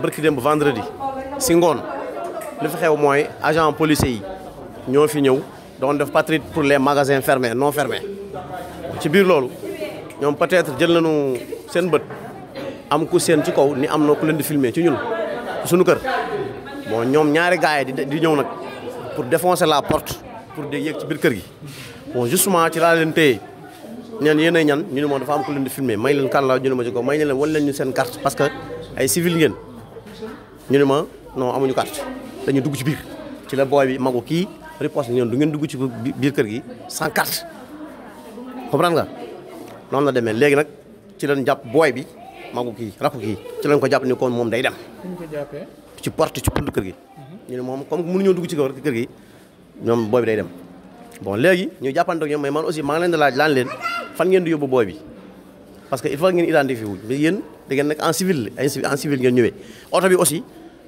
barki démb vendredi si ngoon li fi xew mooy agent policier yi ñoo fi ñëw doon def patrouille pour les magasin fermés non ferme ci biir loolu ñoom peut-être jël nañu seen bët am ku seen ci kaw ni am na ku leen di filmer ci ñun suñu kër bon ñoom ñaari gars yi di ñëw nag pour défoncer la porte pour di yéeg ci biir kër gi bon justement ci laa leen téye ñeen ñan ñu ne moom dafa am ku leen di filmer may leen kan la ñu ne ma ci may leen wan leen ñu seen carte parce que ay civil ñu ne ma non amuñu carte dañu dugg ci biir ci la booy bi magu kii riposte ñoom du ngeen dugg ci biir kër gi sans carte comprendre nga noonu la demee léegi nag ci lañ jàpp booy bi magu kii rakku kii ci lañ ko jàpp ni kon moom day dem ci porte ci bunt kër gi ñu ne moom comme mënuñoo dugg ci kër gi ñoom booy bi day dem bon léegi ñu jàppante ak ñoom mais man aussi maa leen di laaj laan leen fan ngeen di yóbbu booy bi parce que il faut ngeen identifier wu mais yéen da ngeen nekk en civil en civil ngeen ñëwee oto bi aussi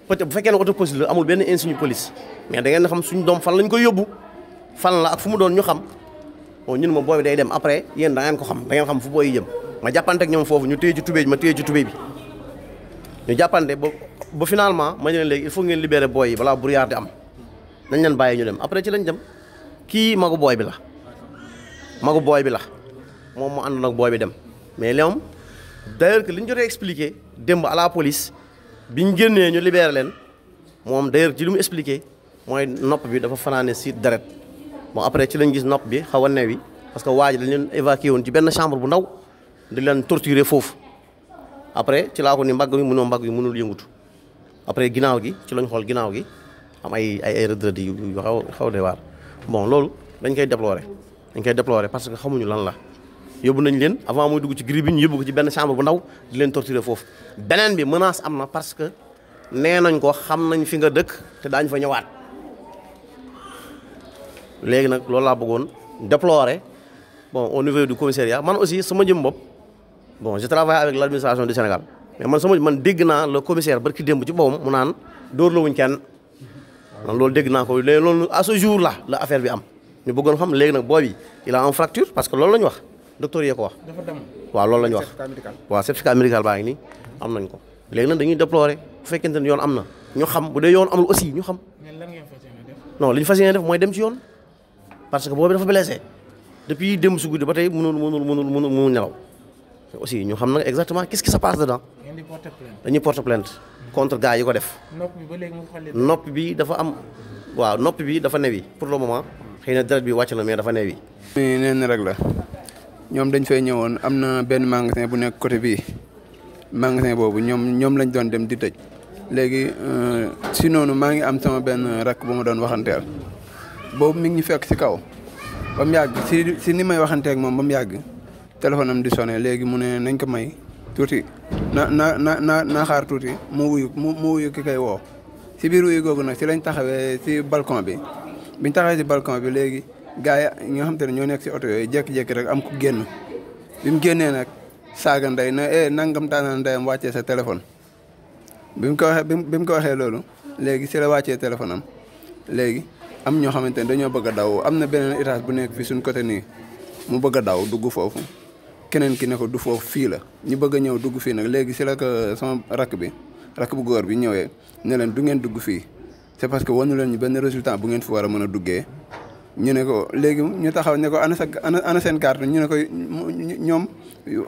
peut bu fekkee ne auto police la amul ñu insigne police mais da ngeen xam suñu doom fan lañ koy yóbbu fan la ak fu mu doon ñu xam bon ñun ma booy day dem après yéen da ngeen ko xam da xam fu booy jëm ma jàppante ak ñoom foofu ñu téye ci tubéy ma téye ci ñu jàppante ba ba finalement ma léegi il faut ngeen libérer booy yi balaa brouillard di am nañ leen bàyyi ñu dem après ci lañ dem kii magu booy bi la magu booy bi la moom moo àndoon ak booy bi dem mais léegi d'ailleurs que liñ ñu jotee expliqué démb à la police. biñ génnee ñu libéré leen moom d'ailleurs ci li mu expliqué mooy nopp bi dafa fanaane si deret bon après ci lañ gis nopp bi xaw a newi parce que waa ji dañ leen évacué woon ci benn chambre bu ndaw di leen torturer foofu après ci laa ko ni mbagg mi mënoo mbagg yi mënul yëngutu après ginnaaw gi ci lañ xool ginnaaw gi am ay ay ay rëdd yu xaw xaw de waar bon loolu dañ koy déplorer dañ koy déplorer parce que xamuñu lan la yóbbu nañ leen avant mooy dugg ci gri bi ñu yóbbu ko ci benn chambre bu ndaw di leen torturer foofu beneen bi menace am na parce que nee nañ ko xam nañ fi nga dëkk te daañ fa ñëwaat léegi nag loolu laa bëggoon déplorer bon au niveau du commissariat man aussi sama jëm bopp bon je travaille avec l'administration du Sénégal mais man sama man dégg naa le commissaire barki démb ci boppam mu naan dóor la wuñ kenn man loolu dégg naa ko léegi loolu à ce jour la affaire bi am ñu bëggoon xam léegi nag booy bi a en fracture que loolu la ñu wax docteur yee ko wax. dafa waaw loolu la wax. certificat médical waaw certificat médical baa ngi nii am nañ ko. léegi nag dañuy déplorer bu fekkente ne yoon am na ñu xam bu dee yoon amul aussi ñu xam. mais lan dem ci yoon parce que boobu dafa blessé depuis démb su guddi ba tey mënul mënul mënul mënul mënul nelaw aussi ñu xam nag exactement qu'est-ce qui se passe dedans. dañuy dañuy porter plainte contre gars yi ko def. nopp bi ba léegi mu xolli. nopp bi dafa am waaw nopp bi dafa newi pour le moment xëy na deret bi wàcc na mais dafa newi. nee na rek la. ñoom dañ fay ñëwoon am na benn magasin bu nekk côté bii magasin boobu ñoom ñoom lañ doon dem di tëj léegi euh, si noonu maa ngi am sama benn rakk bu ma doon waxanteel boobu mi ngi ñu fekk si kaw ba mu yàgg si si ni may waxanteeg moom ba mu yàgg téléphone am di sonné léegi mu ne nañ ko may tuuti na na na na naa xaar tuuti mu wuyu mu mu wuyu ki koy woo si biir wuyu googu nag si lañ taxawee si balcon bi biñ taxawee si balcon bi léegi. gars yi ñoo xam te ne ñoo nekk si oto yooyu jékki-jékki rek am ku génn bi mu génnee nag saaga nday na eh nangam taana ndayam wàccee sa téléphone. bi mu ko waxee bi mu ko waxee loolu léegi si la wàccee téléphone am léegi am ñoo xamante ne dañoo bëgg a daw am na beneen étage bu nekk fi suñ côté nii mu bëgg daw dugg foofu. keneen ki ne ko du foofu fii la ñu bëgg a ñëw dugg fii nag léegi si la ko sama rakk bi rakk bu góor bi ñëwee ne leen du ngeen dugg fii c'est parce que wanu leen ñu benn résultat bu ngeen fi war a mën a duggee. ñu ne ko léegi ñu taxaw ne ko ana sa ana seen carte ñu ne ko ñoom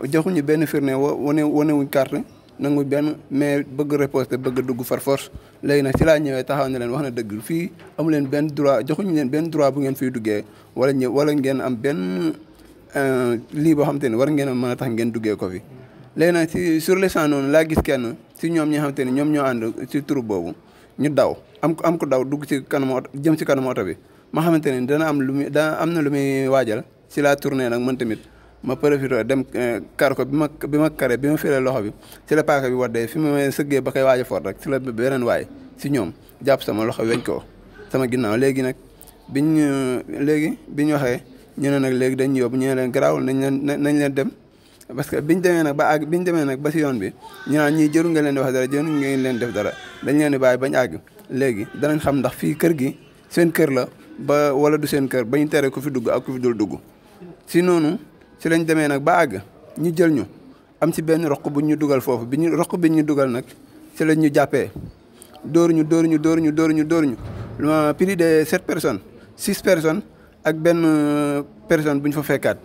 joxuñu benn firnde wane wane wuñ carte nangu benn mais bëgg riposte bëgg dugg far force léegi nag si laa ñëwee taxaw ne leen wax na dëgg fii amu leen benn droit joxuñu leen benn droit bu ngeen fiy duggee wala ñë wala ngeen am benn euh, lii boo xam te ne war ngeen a mën a tax ngeen duggee ko fi. léegi nag si sur le champ noonu laa gis kenn si ñoom ñi nga xam te ne ñoom ñoo ànd si turu boobu ñu daw am am ko daw dugg ci kanamu oto jëm ci kanamu bi. ma xamante ne dana am lu muy am na lu muy waajal ci laa tournée nag mën tamit ma profité dem eh, kar ko bi ma bi ma kare bi ma firee loxo bi ci la paaka bi waddee fi ma sëggee ba koy waaja a fort rek ci la beneen waay si ñoom jàpp sama loxo weñ ko sama ginnaaw léegi nag biñ léegi biñ waxee ñu ne nag léegi dañ yóbbu ñu ne leen garaawul nañ leen nañ leen dem parce que ñu demee nag ba bi ñu demee nag ba si yoon bi ñu naan ñii jëru nga leen di wax dara jëru nga leen def dara dañ leen di bàyyi bañ àgg léegi danañ xam ndax fii kër gi seen kër la ba wala du seen kër ba ñu tere ku fi dugg ak ku fi dul dugg si noonu si lañ demee nag ba àgg ñu jël ñu am si benn roq bu ñu dugal foofu bi ñu roq bi ñu dugal nag si lañ ñu jàppee dóor ñu dóor ñu dóor ñu dóor ñu dóor ñu de sept personnes six personnes ak benn euh, personne bu ñu fa fekkaat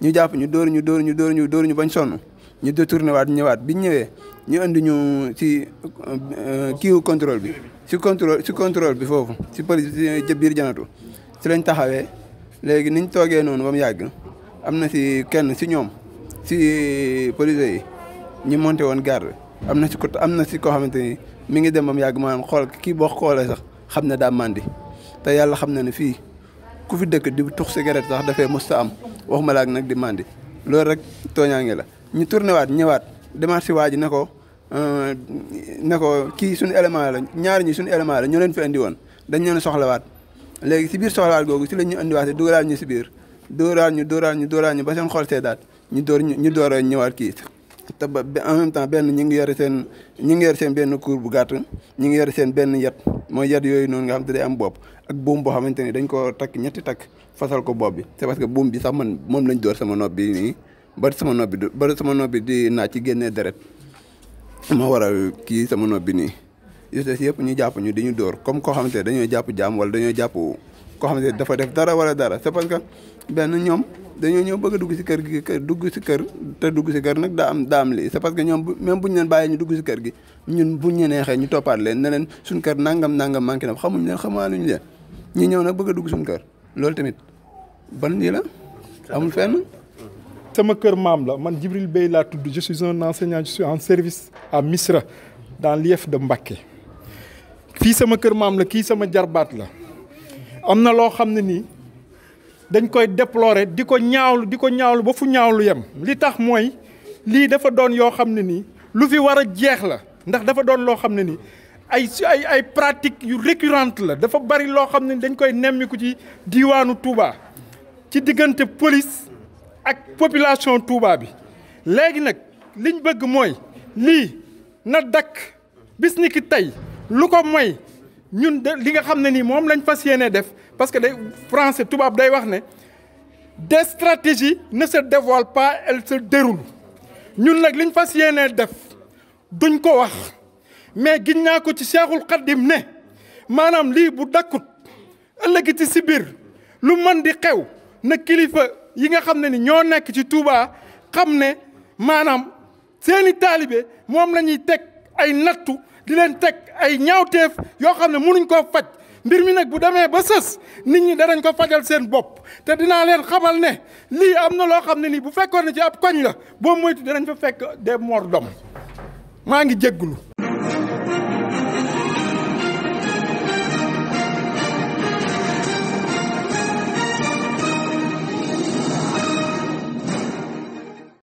ñu jàpp ñu dóor ñu dóor ñu dóor ñu bañ sonn ñu détourné waat ñëwaat bi ñëwee ñu indi ñu ci euh, kiiwu contrôle bi ci contrôle si contrôle bi foofu si police ci biir janatu ci lañ taxawee léegi niñ toogee noonu ba mu yàgg am na si kenn si ñoom ci police yi ñu monté woon bi am na si ko am na si koo xamante ni mi ngi dem ba mu yàgg xool kii boo xoolee sax xam ne daa màndi te yàlla xam na ne fii ku fi dëkk di tux cigarette sax dafay mës a am waxuma la nag di màndi loolu rek tooñaange la. ñu tourné waat ñëwaat demaat si waa ji ne ko euh, ne ko kii sunu élément la ñaari ñi suñu élément la ñoo leen fi indi woon dañ leen soxlawaat léegi si biir soxlawaat googu si la ñu indiwaatee dóoraat ñu si biir dóoraat ñu dóoraat ñu dóoraat ñu ba seen xol seetaat ñu door ñu door ñëwaat kii te ba en même temps benn ñu ngi yore seen ñu ngi yore seen benn cour bu gàtt ñu ngi yore seen benn yat mooy yat yooyu noonu nga xam te day am bopp ak buum boo xamante ni dañ koo takk ñetti takk fasal ko bopp bi c'est parce que buum bi sax man moom lañ door sama nopp bi bari sama nopp bi du bari sama nopp bi di naa ci génnee deret moo waral kii sama nopp bi nii yu des yëpp ñu jàpp ñu di ñu dóor comme koo xamante ne dañoo jàpp jaam wala dañoo jàpp koo xam ne dafa def dara wala dara c'est parce que benn ñoom dañoo ñëw bëgg a dugg si kër gi dugg si kër te dugg si kër nag daa am daa am lii ñoom même bu ñu leen bàyyee ñu dugg si kër gi ñun bu neexee ñu toppaat leen ne leen suñ kër nangam nangam manqué na xamuñ leen xamaaluñ leen ñu ñëw nag bëgg a dugg suñ kër loolu tamit ban lii la amul fenn sama kër maam la man Djibril Bey laa tudd je suis un enseignant je suis en service à Misra dans l'IEF de Mbacké fii sama kër maam la kii sama jarbaat la am na loo xam ne nii dañ koy déplorer di ko ñaawlu di ko ñaawlu ba fu ñaawlu yem li tax mooy lii dafa doon yoo xam ne nii lu fi war a jeex la ndax dafa doon loo xam ne nii ay ay ay pratique yu récurrente la dafa bari loo xam ne dañ koy nemmiku ci diiwaanu tuubaa ci diggante police ak population Touba bi léegi nag liñ bëgg mooy lii na dakk bis ni tey lu ko mooy ñun de li nga xam ne nii moom lañ fas yéenee def parce que day français tubaab day wax ne des stratégies ne se dévoilent pas elles se déroulent ñun nag liñ fas yéenee def duñ ko wax mais gis naa ko ci Cheikhul Khadim ne maanaam lii bu dakkut ëllëg ci si biir lu mën di xew na kilifa. yi nga xam ne ni ñoo nekk ci Touba xam ne maanaam seeni taalibe moom la teg ay nattu di leen teg ay ñaawteef yoo xam ne mënuñ koo faj mbir mi nag bu demee ba sës nit ñi danañ ko fajal seen bopp te dinaa leen xamal ne lii am na loo xam ne nii bu fekkoon ne ci ab koñ la boo moytu danañ fa fekk des morts dom maa ngi jéggulu